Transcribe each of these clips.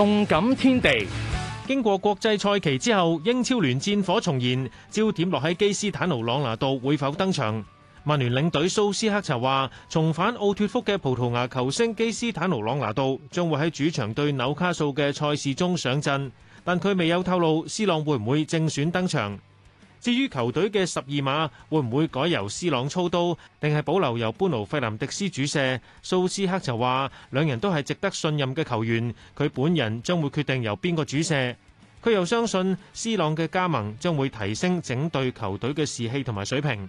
動感天地，經過國際賽期之後，英超聯戰火重燃，焦點落喺基斯坦奴朗拿度會否登場？曼聯領隊蘇斯克查話，重返奧脫福嘅葡萄牙球星基斯坦奴朗拿度將會喺主場對紐卡素嘅賽事中上陣，但佢未有透露 C 朗會唔會正選登場。至於球隊嘅十二碼會唔會改由 C 朗操刀，定係保留由班奴費林迪斯主射？蘇斯克就話兩人都係值得信任嘅球員，佢本人將會決定由邊個主射。佢又相信 C 朗嘅加盟將會提升整隊球隊嘅士氣同埋水平。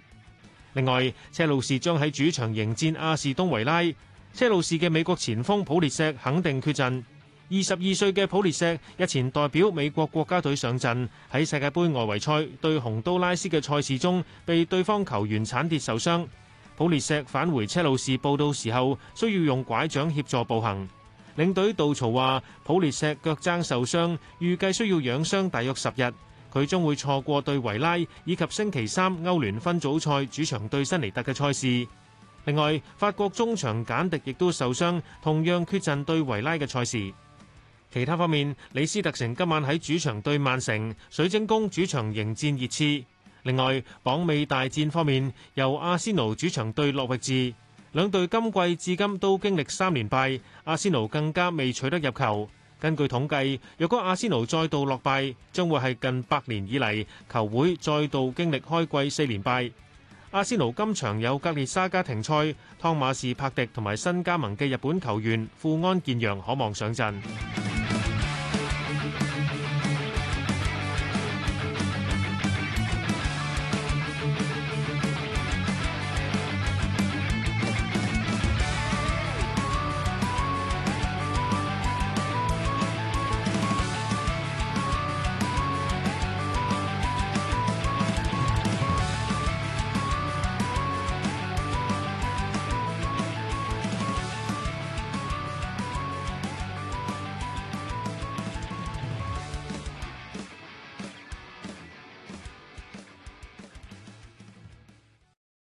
另外，車路士將喺主場迎戰阿士東維拉。車路士嘅美國前鋒普列錫肯定缺陣。二十二歲嘅普列錫日前代表美國國家隊上陣，喺世界杯外圍賽對洪都拉斯嘅賽事中，被對方球員鏟跌受傷。普列錫返回車路士報到時候，需要用拐杖協助步行。領隊杜曹話：普列錫腳踭受傷，預計需要養傷大約十日。佢將會錯過對維拉以及星期三歐聯分組賽主場對新尼特嘅賽事。另外，法國中場簡迪亦都受傷，同樣缺陣對維拉嘅賽事。其他方面，李斯特城今晚喺主場對曼城；水晶宮主場迎戰熱刺。另外，榜尾大戰方面，由阿仙奴主場對洛域治。兩隊今季至今都經歷三連敗，阿仙奴更加未取得入球。根據統計，若果阿仙奴再度落敗，將會係近百年以嚟球會再度經歷開季四連敗。阿仙奴今場有格列沙加停賽，湯馬士柏迪同埋新加盟嘅日本球員富安健洋可望上陣。